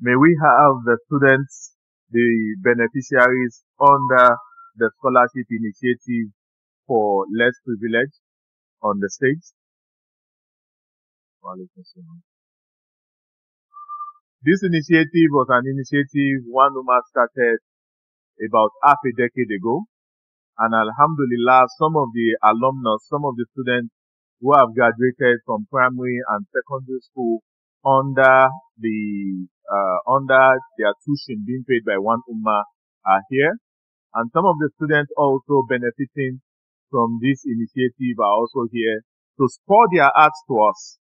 May we have the students, the beneficiaries under the scholarship initiative for less privilege on the stage. This initiative was an initiative one woman started about half a decade ago. And Alhamdulillah, some of the alumnus, some of the students who have graduated from primary and secondary school under the uh, under their tuition being paid by one ummah are here, and some of the students also benefiting from this initiative are also here to pour their hearts to us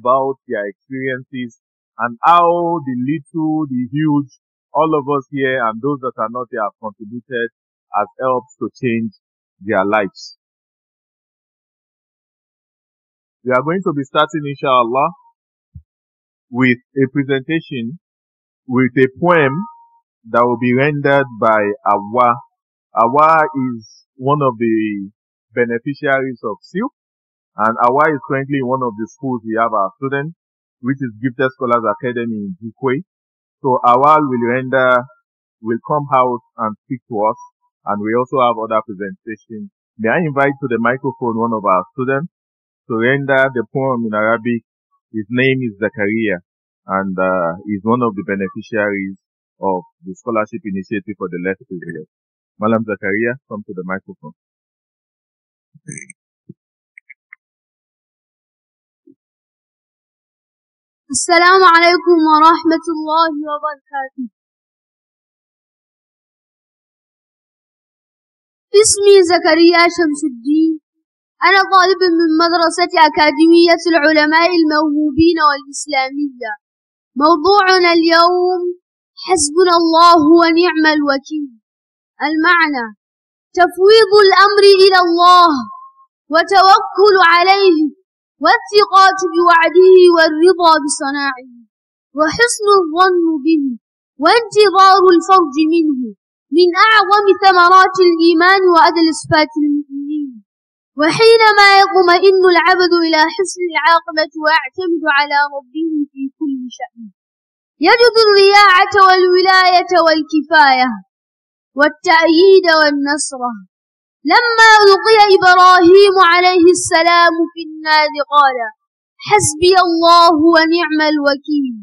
about their experiences and how the little, the huge, all of us here and those that are not here have contributed has helped to change their lives. We are going to be starting, inshallah, with a presentation with a poem that will be rendered by Awa. Awa is one of the beneficiaries of SILP and Awa is currently one of the schools we have our students, which is Gifted Scholars Academy in Jukwe. So Awa will render, will come out and speak to us and we also have other presentations. May I invite to the microphone one of our students to render the poem in Arabic. His name is Zakaria. and uh, is one of the beneficiaries of the scholarship initiative for the left period. Malam Zakaria, come to the microphone. السلام عليكم ورحمة الله وبركاته اسمي زكريا شمس الدين أنا طالب من مدرسة أكاديمية العلماء الموهوبين والإسلامية موضوعنا اليوم حسبنا الله ونعم الوكيل المعنى تفويض الأمر إلى الله وتوكل عليه والثقة بوعده والرضا بصناعه وحسن الظن به وانتظار الفرج منه من أعظم ثمرات الإيمان وأدل صفات المؤمن وحينما يطمئن العبد إلى حسن العاقبة ويعتمد على ربه في كل شأن يجد الرياعة والولاية والكفاية والتأييد والنصرة لما ألقي إبراهيم عليه السلام في النار قال حسبي الله ونعم الوكيل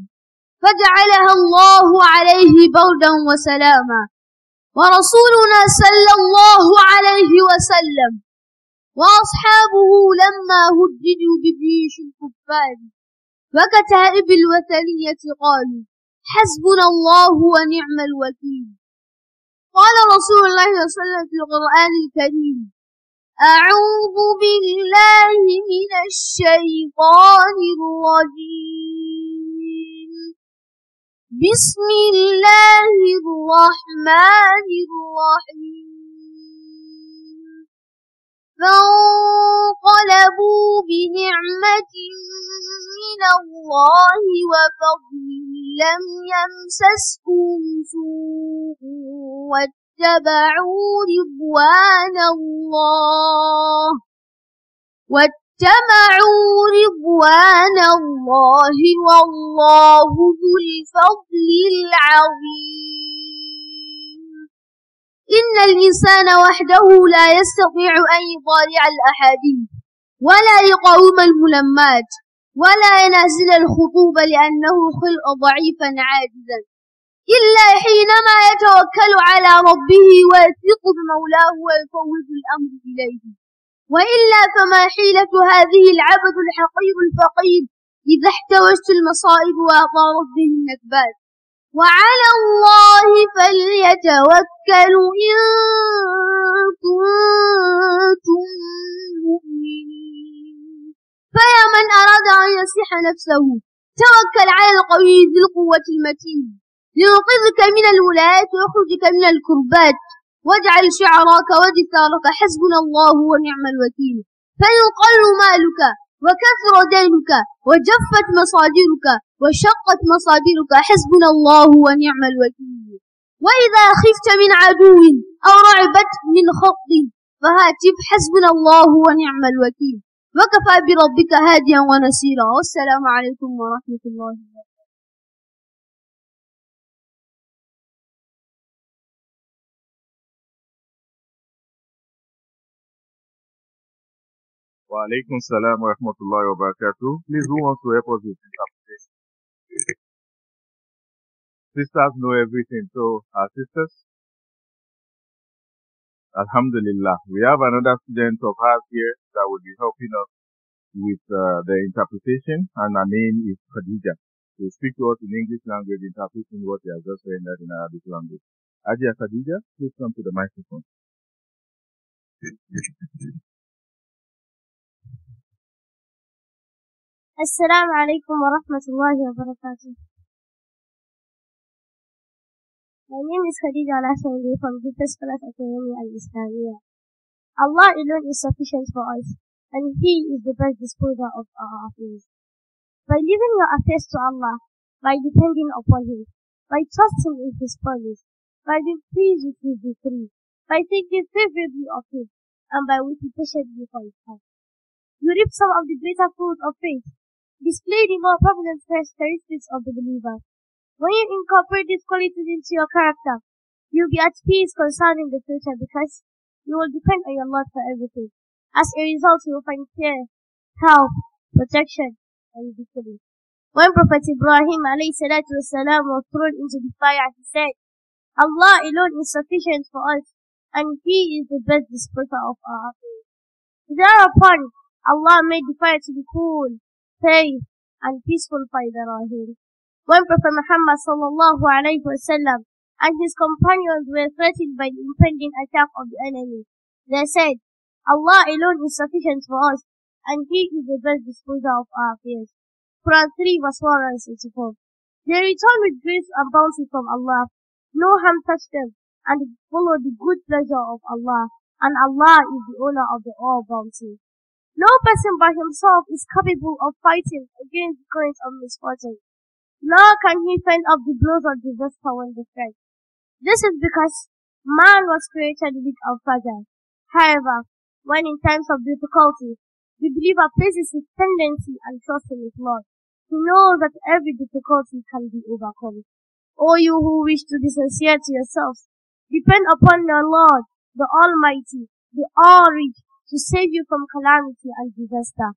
فجعلها الله عليه بردا وسلاما ورسولنا صلى الله عليه وسلم وأصحابه لما هددوا بجيش الكفار وكتائب الوثنية قالوا حسبنا الله ونعم الوكيل قال رسول الله صلى الله عليه وسلم في القرآن الكريم أعوذ بالله من الشيطان الرجيم بسم الله الرحمن الرحيم فانقلبوا بنعمة من الله وفضل لم يمسسهم سوء واتبعوا رضوان الله واتبعوا رضوان الله والله ذو الفضل العظيم أن الإنسان وحده لا يستطيع أن يطالع الأحاديث ولا يقاوم الملمات ولا ينازل الخطوب لأنه خلق ضعيفا عاجزا إلا حينما يتوكل على ربه ويثق بمولاه ويفوض الأمر إليه وإلا فما حيلة هذه العبد الحقير الفقير إذا احتوجت المصائب وأطارت به النكبات وعلى الله فليتوكلوا إن كنتم مؤمنين فيا من أراد أن يصلح نفسه توكل على القوي ذي القوة المتين لينقذك من الولايات ويخرجك من الكربات واجعل شعراك ودثارك حسبنا الله ونعم الوكيل فإن قل مالك وكثر دينك وجفت مصادرك وشقت مصادرك حسبنا الله ونعم الوكيل وإذا خفت من عدو أو رعبت من خطب فهاتف حسبنا الله ونعم الوكيل وكفى بربك هاديا ونسيرا والسلام عليكم ورحمة الله وبركاته وعليكم السلام ورحمة الله وبركاته. Please who wants to help us with sisters know everything. So our sisters, Alhamdulillah, we have another student of ours here that will be helping us with uh, the interpretation, and her name is Khadija. She will speak to us in English language, interpreting what we have just rendered in Arabic language. Ajia Khadija, please come to the microphone. السلام عليكم ورحمة الله وبركاته. My name is Khadija Alashangi from Gita Scholars Academy Al Islamia. Allah alone is sufficient for us, and He is the best disposer of our affairs. By leaving your affairs to Allah, by depending upon Him, by trusting in His promise, by being pleased with His decree, by thinking favorably of Him, and by waiting patiently for His help. You reap some of the greater fruit of faith display the more prominent characteristics of the believer. When you incorporate these qualities into your character, you'll be at peace concerning the future because you will depend on your Lord for everything. As a result, you will find care, help, protection, and victory. When Prophet Ibrahim والسلام, was thrown into the fire, he said, Allah alone is sufficient for us, and He is the best disposer of our affairs. Thereupon, Allah made the fire to be cool safe and peaceful Rahim. When Prophet Muhammad sallallahu alayhi wasallam and his companions were threatened by the impending attack of the enemy, they said, Allah alone is sufficient for us, and He is the best disposer of our affairs. Quran 3 verse 4 and They returned with grace and bounty from Allah. No harm touched them, and followed the good pleasure of Allah, and Allah is the owner of the all bounty. No person by himself is capable of fighting against the current of misfortune, nor can he fend off the blows of disaster when dealt. This is because man was created with a fragile. However, when in times of difficulty, the believer places his tendency and trust in his Lord. He knows that every difficulty can be overcome. All you who wish to be sincere to yourselves, depend upon your Lord, the Almighty, the All-Rich, to save you from calamity and disaster.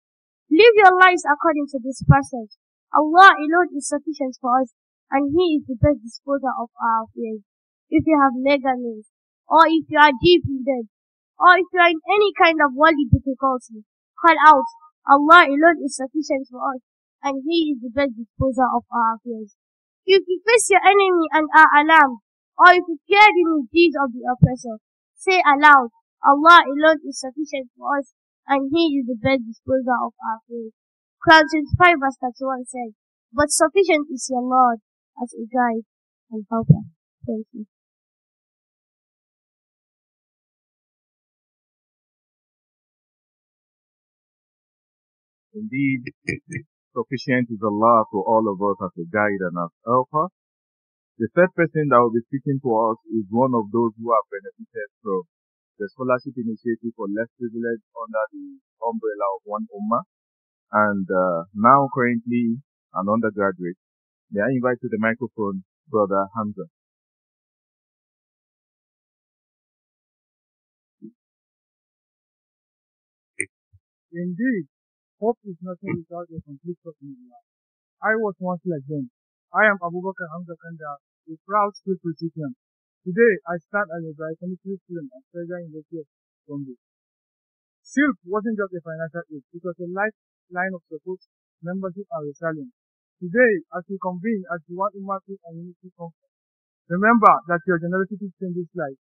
Live your lives according to this passage. Allah alone is sufficient for us, and He is the best disposer of our affairs. If you have legal needs, or if you are deep in debt, or if you are in any kind of worldly difficulty, call out. Allah alone is sufficient for us, and He is the best disposer of our affairs. If you face your enemy and are alarmed, or if you fear the misdeeds of the oppressor, say aloud, Allah alone is sufficient for us, and He is the best disposer of our faith. Quran 25 verse 31 says, But sufficient is your Lord as a guide and helper. Thank you. Indeed, sufficient is Allah for all of us as a guide and as helper. The third person that will be speaking to us is one of those who have benefited from the scholarship initiative for less privileged under the umbrella of One Ummah. And uh, now currently an undergraduate. May I invite to the microphone Brother Hamza. Indeed, hope is nothing without a complete commitment. I was once like them. I am Abubakar Hamza Kanda, a proud school recipient Today, I start as a biochemistry student at treasure University of Columbia. Silk wasn't just a financial aid, it was a lifeline of support, membership, and resilience. Today, as we convene at the One Immersive and Unity Conference, remember that your generosity changes lives.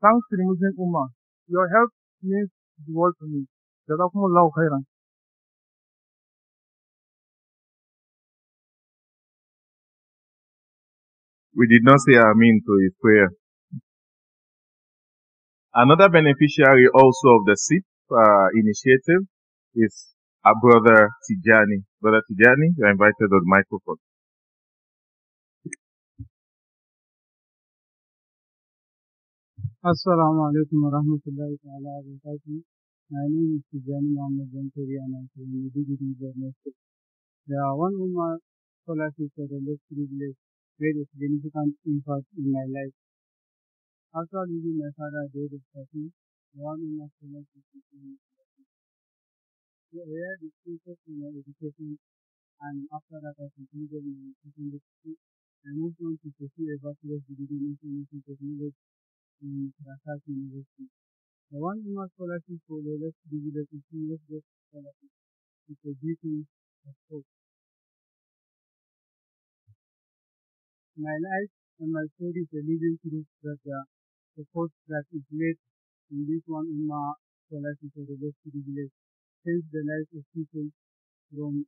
Thanks to the Muslim Ummah, your help means the world to me. جزاكم khairan. We did not say Amin to his prayer. Another beneficiary also of the SIP uh, initiative is our brother Tijani. Brother Tijani, you are invited on the microphone. Assalamu alaikum wa rahmatullahi wa barakatuh. My name is Tijani Muhammad Banturi and I'm from the Dignity There are one Ummah Scholarship for the Less Privileged made a significant impact in my life. After leaving my father died of fatigue, Mohammed was connected to him. The area in my education, and after that I completed my secondary school. I moved on to pursue a bachelor's degree in information technology in Rasas University. I won a scholarship for the less privileged seniors scholarship with a degree of hope. My life and my story is a living proof that uh, the force that is made in this one in for life is a reverse privilege, change the lives of people from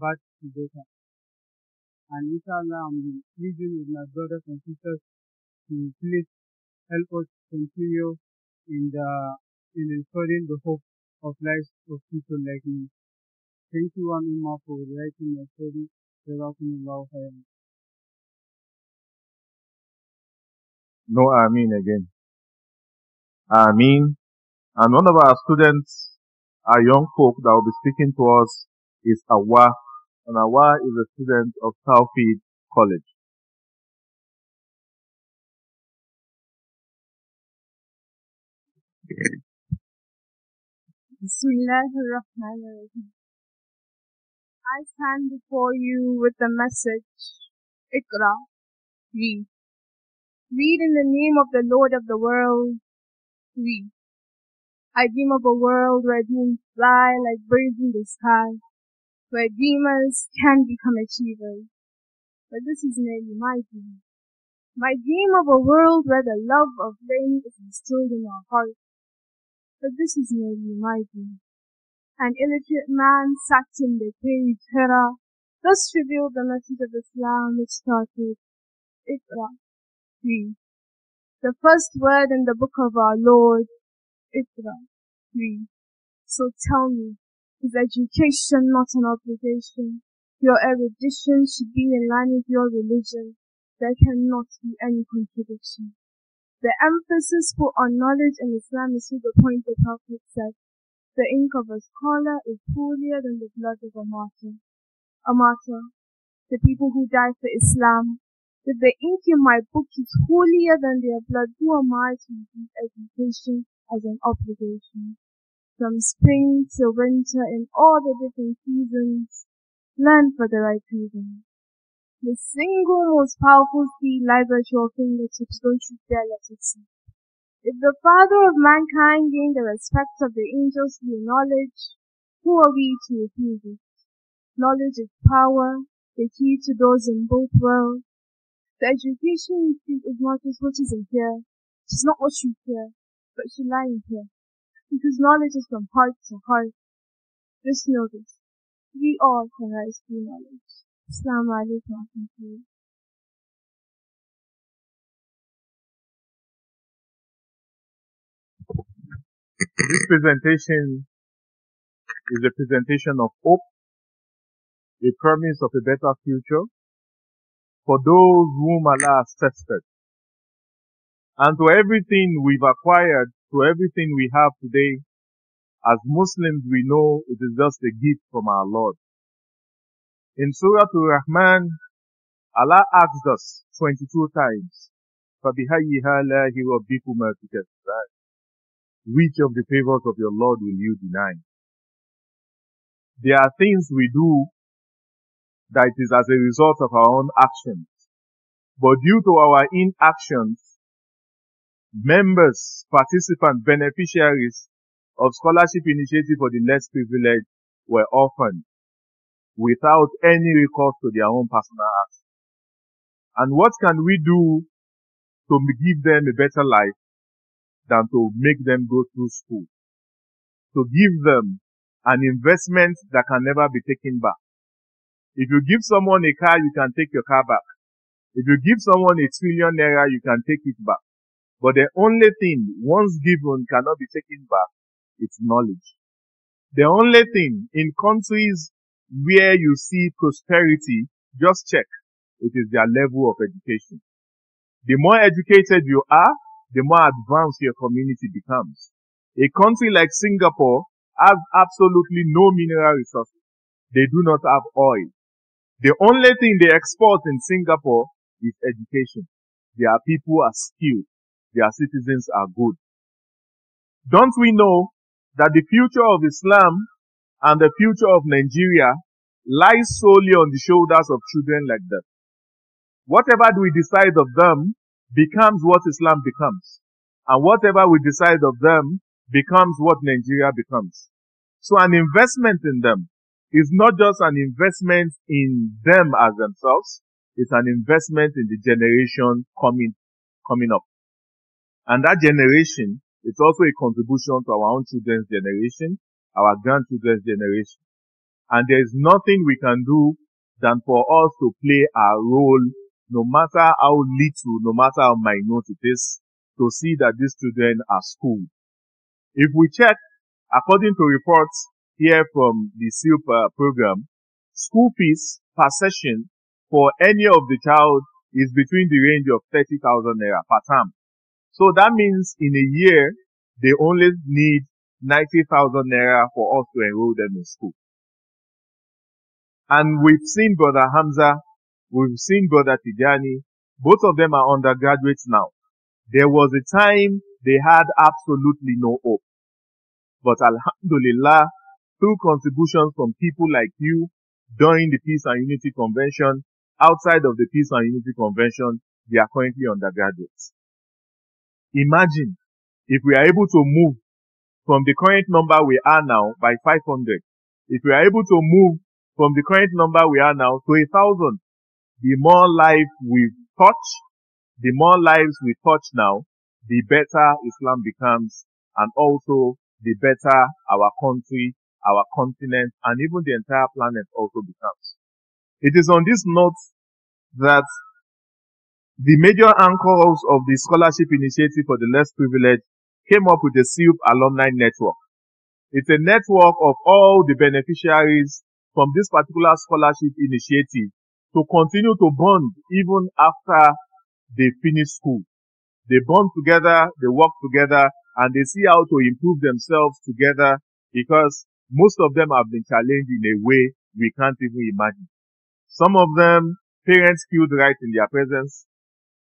bad to better. And inshallah, I'm pleading with my brothers and sisters to please help us continue in the in restoring the hope of lives of people like me. Thank you, Anuma, for writing my story. Jazakumullahu khairan. No Amin again. Amin. And one of our students, our young folk that will be speaking to us is Awa. And Awa is a student of Southfield College. I stand before you with a message, Ikra, read. Read in the name of the Lord of the world. 3. I dream of a world where dreams fly like birds in the sky, where dreamers can become achievers. But this is merely my dream. My dream of a world where the love of learning is instilled in our hearts. But this is merely my dream. An illiterate man sat in the cave Hera, thus revealed the message of Islam which started Iqra, 3. The first word in the book of our Lord, Iqra 3. So tell me, is education not an obligation? Your erudition should be in line with your religion. There cannot be any contradiction. The emphasis put on knowledge in Islam is to the point the Prophet said, the ink of a scholar is holier than the blood of a martyr. A martyr, the people who died for Islam, that the ink in my book is holier than their blood, who am I to use education as an obligation? From spring till winter in all the different seasons, learn for the right reason. The single most powerful seed lies at your fingertips, don't you dare let it slip. If the father of mankind gained the respect of the angels through knowledge, who are we to refuse it? Knowledge is power, the key to doors in both worlds, the education you think is not just what is in here. It is not what you hear, but you lie in here. Because knowledge is from heart to heart. Just know this. We all can rights to knowledge. Islam alaikum wa This presentation is a presentation of hope, a promise of a better future, for those whom Allah has tested. And to everything we've acquired, to everything we have today, as Muslims we know it is just a gift from our Lord. In Surah Al-Rahman, Allah asked us 22 times, Which of the favors of your Lord will you deny? There are things we do that it is as a result of our own actions. But due to our inactions, members, participants, beneficiaries of scholarship initiative for the less privileged were orphaned without any recourse to their own personal assets. And what can we do to give them a better life than to make them go through school? To give them an investment that can never be taken back. If you give someone a car, you can take your car back. If you give someone a trillion naira, you can take it back. But the only thing once given cannot be taken back is knowledge. The only thing in countries where you see prosperity, just check. It is their level of education. The more educated you are, the more advanced your community becomes. A country like Singapore has absolutely no mineral resources. They do not have oil. The only thing they export in Singapore is education. Their people are skilled. Their citizens are good. Don't we know that the future of Islam and the future of Nigeria lies solely on the shoulders of children like that? Whatever we decide of them becomes what Islam becomes. And whatever we decide of them becomes what Nigeria becomes. So an investment in them, it's not just an investment in them as themselves. It's an investment in the generation coming, coming up. And that generation is also a contribution to our own children's generation, our grandchildren's generation. And there is nothing we can do than for us to play our role, no matter how little, no matter how minute it is, to see that these children are schooled. If we check, according to reports here from the SILPA program, school fees per session for any of the child is between the range of 30,000 naira per term. So that means in a year, they only need 90,000 naira for us to enroll them in school. And we've seen Brother Hamza, we've seen Brother Tijani, both of them are undergraduates now. There was a time they had absolutely no hope. But Alhamdulillah, through contributions from people like you during the Peace and Unity Convention, outside of the Peace and Unity Convention, they are currently undergraduates. Imagine if we are able to move from the current number we are now by 500, if we are able to move from the current number we are now to a thousand, the more lives we touch, the more lives we touch now, the better Islam becomes and also the better our country our continent, and even the entire planet also becomes. It is on this note that the major anchors of the scholarship initiative for the less privileged came up with the SIUP alumni network. It's a network of all the beneficiaries from this particular scholarship initiative to continue to bond even after they finish school. They bond together, they work together, and they see how to improve themselves together because most of them have been challenged in a way we can't even imagine. Some of them, parents killed right in their presence.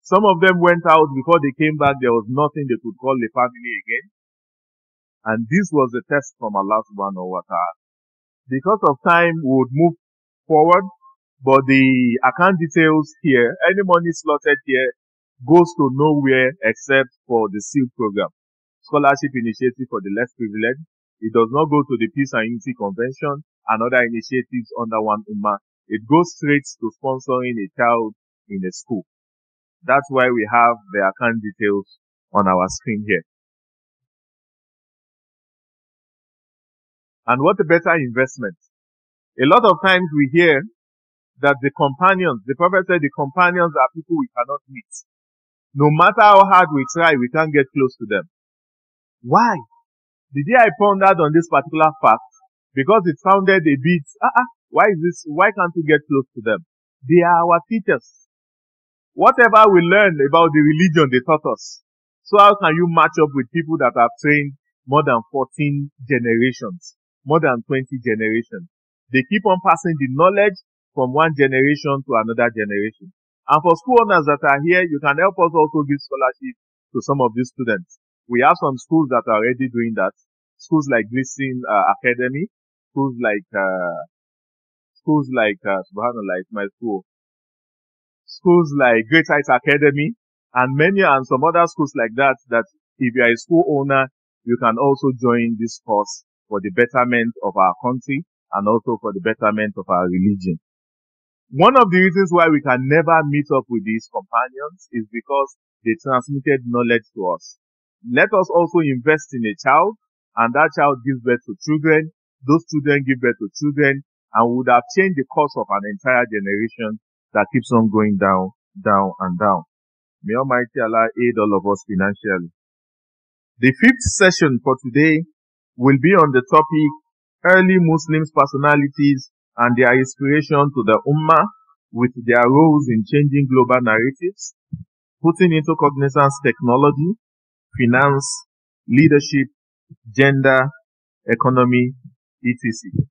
Some of them went out before they came back. There was nothing they could call a family again. And this was a test from Allah subhanahu wa ta'ala. Because of time, we would move forward, but the account details here, any money slotted here goes to nowhere except for the SEAL program, scholarship initiative for the less privileged, it does not go to the Peace and Unity Convention and other initiatives under one UMA. It goes straight to sponsoring a child in a school. That's why we have the account details on our screen here. And what a better investment. A lot of times we hear that the companions, the prophet said the companions are people we cannot meet. No matter how hard we try, we can't get close to them. Why? The day I pondered on this particular fact, because it sounded a bit, ah, ah, why is this, why can't we get close to them? They are our teachers. Whatever we learn about the religion they taught us. So how can you match up with people that have trained more than 14 generations, more than 20 generations? They keep on passing the knowledge from one generation to another generation. And for school owners that are here, you can help us also give scholarship to some of these students we have some schools that are already doing that. Schools like Gleason uh, Academy, schools like uh, schools like uh, Subhanallah, it's my school. Schools like Great Heights Academy and many and some other schools like that. That if you are a school owner, you can also join this course for the betterment of our country and also for the betterment of our religion. One of the reasons why we can never meet up with these companions is because they transmitted knowledge to us. Let us also invest in a child and that child gives birth to children. Those children give birth to children and would have changed the course of an entire generation that keeps on going down, down and down. May Almighty Allah aid all of us financially. The fifth session for today will be on the topic early Muslims personalities and their inspiration to the Ummah with their roles in changing global narratives, putting into cognizance technology finance, leadership, gender, economy, etc.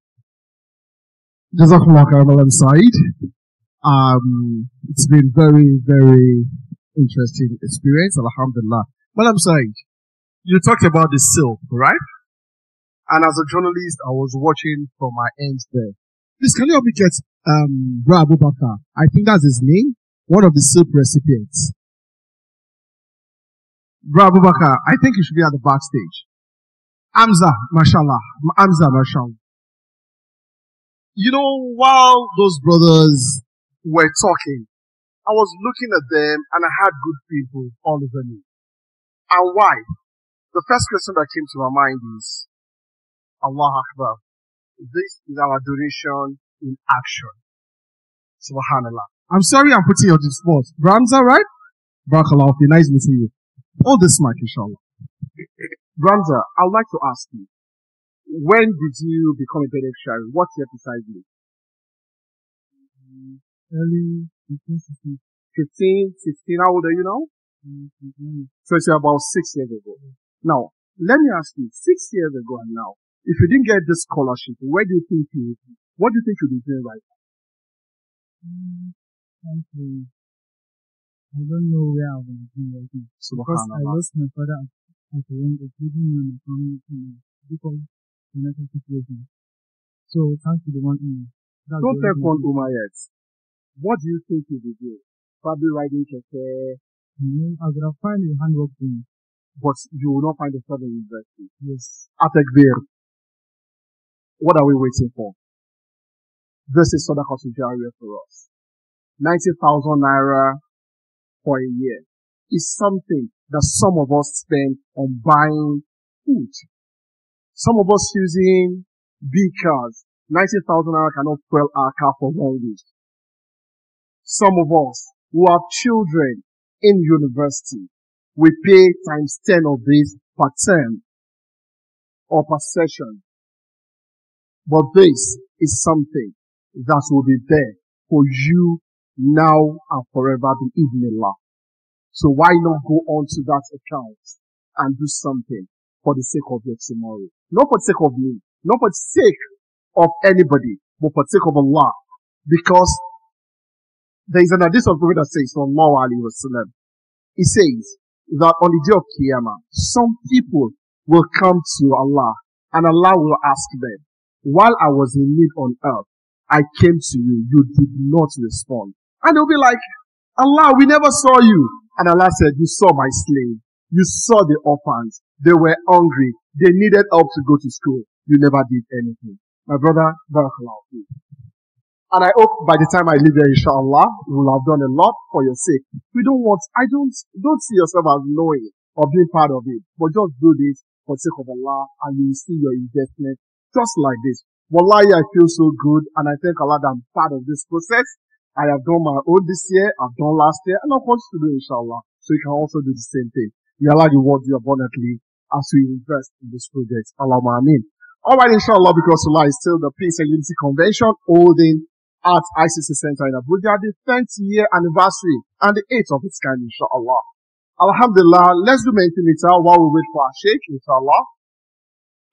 Jazakallah Karamal Said. Um, it's been very, very interesting experience. Alhamdulillah. Madam Said, you talked about the silk, right? And as a journalist, I was watching from my end there. Please, can you help me get um, Bra I think that's his name. One of the silk recipients. Bro Abu I think you should be at the backstage. Amza, mashallah. Amza, mashallah. You know, while those brothers were talking, I was looking at them and I had good people all over me. And why? The first question that came to my mind is, Allah Akbar. This is our donation in action. Subhanallah. I'm sorry I'm putting you on the spot. Ramza, right? Barakallah, nice see you. All this mic, inshallah. Ramza, I'd like to ask you, when did you become a beneficiary? What year precisely? early 15, 16. How old are you now? Mm-hmm. So it's about six years ago. Mm-hmm. Now, let me ask you, six years ago and now, if you didn't get this scholarship, where do you think you, what do you think you'd be doing right now? Mm, I don't know where I was going right now. Because I lost my father at the end of when I my family in difficult financial situation. So thanks to the one in Don't take one Uma yet. What do you think you the do? Probably riding Keke. Mm-hmm. I would have found a handwork thing. But you will not find a further university. Yes. Atek there. What are we waiting for? This is Sodaka Sujaria for us. 90,000 Naira for a year is something that some of us spend on buying food. Some of us using big cars. 90,000 naira cannot fuel our car for one week. Some of us who have children in university, we pay times 10 of this per term or per session. But this is something that will be there for you now and forever be even in love. So why not go on to that account and do something for the sake of your tomorrow? Not for the sake of me, not for the sake of anybody, but for the sake of Allah. Because there is an hadith of Prophet that says, Sallallahu Alaihi Wasallam, he says that on the day of Qiyamah, some people will come to Allah and Allah will ask them, while I was in need on earth, I came to you, you did not respond. And they'll be like, Allah, we never saw you. And Allah said, you saw my slave. You saw the orphans. They were hungry. They needed help to go to school. You never did anything. My brother, Barakallahu. And I hope by the time I leave here, inshallah, you will have done a lot for your sake. We don't want, I don't, don't see yourself as knowing or being part of it, but just do this for the sake of Allah and you will see your investment just like this. Wallahi, I feel so good and I thank Allah that I'm part of this process I have done my own this year, I've done last year, and I'll continue to do inshallah. So you can also do the same thing. May Allah reward you abundantly as you invest in this project. Allah Ameen. Alright, inshallah, because Allah is still the Peace and Unity Convention holding at ICC Center in Abuja, the 10th year anniversary and the 8th of its kind, inshallah. Alhamdulillah, let's do maintenance while we wait for our sheikh, inshallah.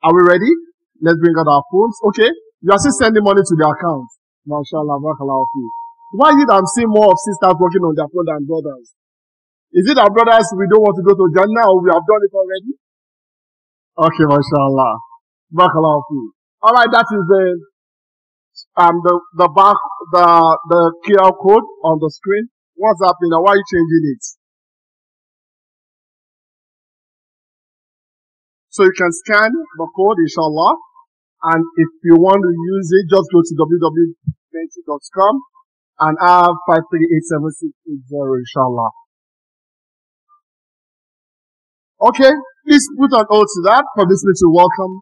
Are we ready? Let's bring out our phones. Okay. You are still sending money to the account. MashaAllah, barakallahu why is it I'm seeing more of sisters working on their phone than brothers? Is it our brothers, we don't want to go to Jannah or we have done it already? Okay, mashallah. Barakallahu Alright, that is the, um, the, the back, the, the QR code on the screen. What's happening? Why are you changing it? So you can scan the code, inshallah. And if you want to use it, just go to www.menti.com and R five three eight seven six eight zero, inshallah. Okay, please put an O to that for this little welcome.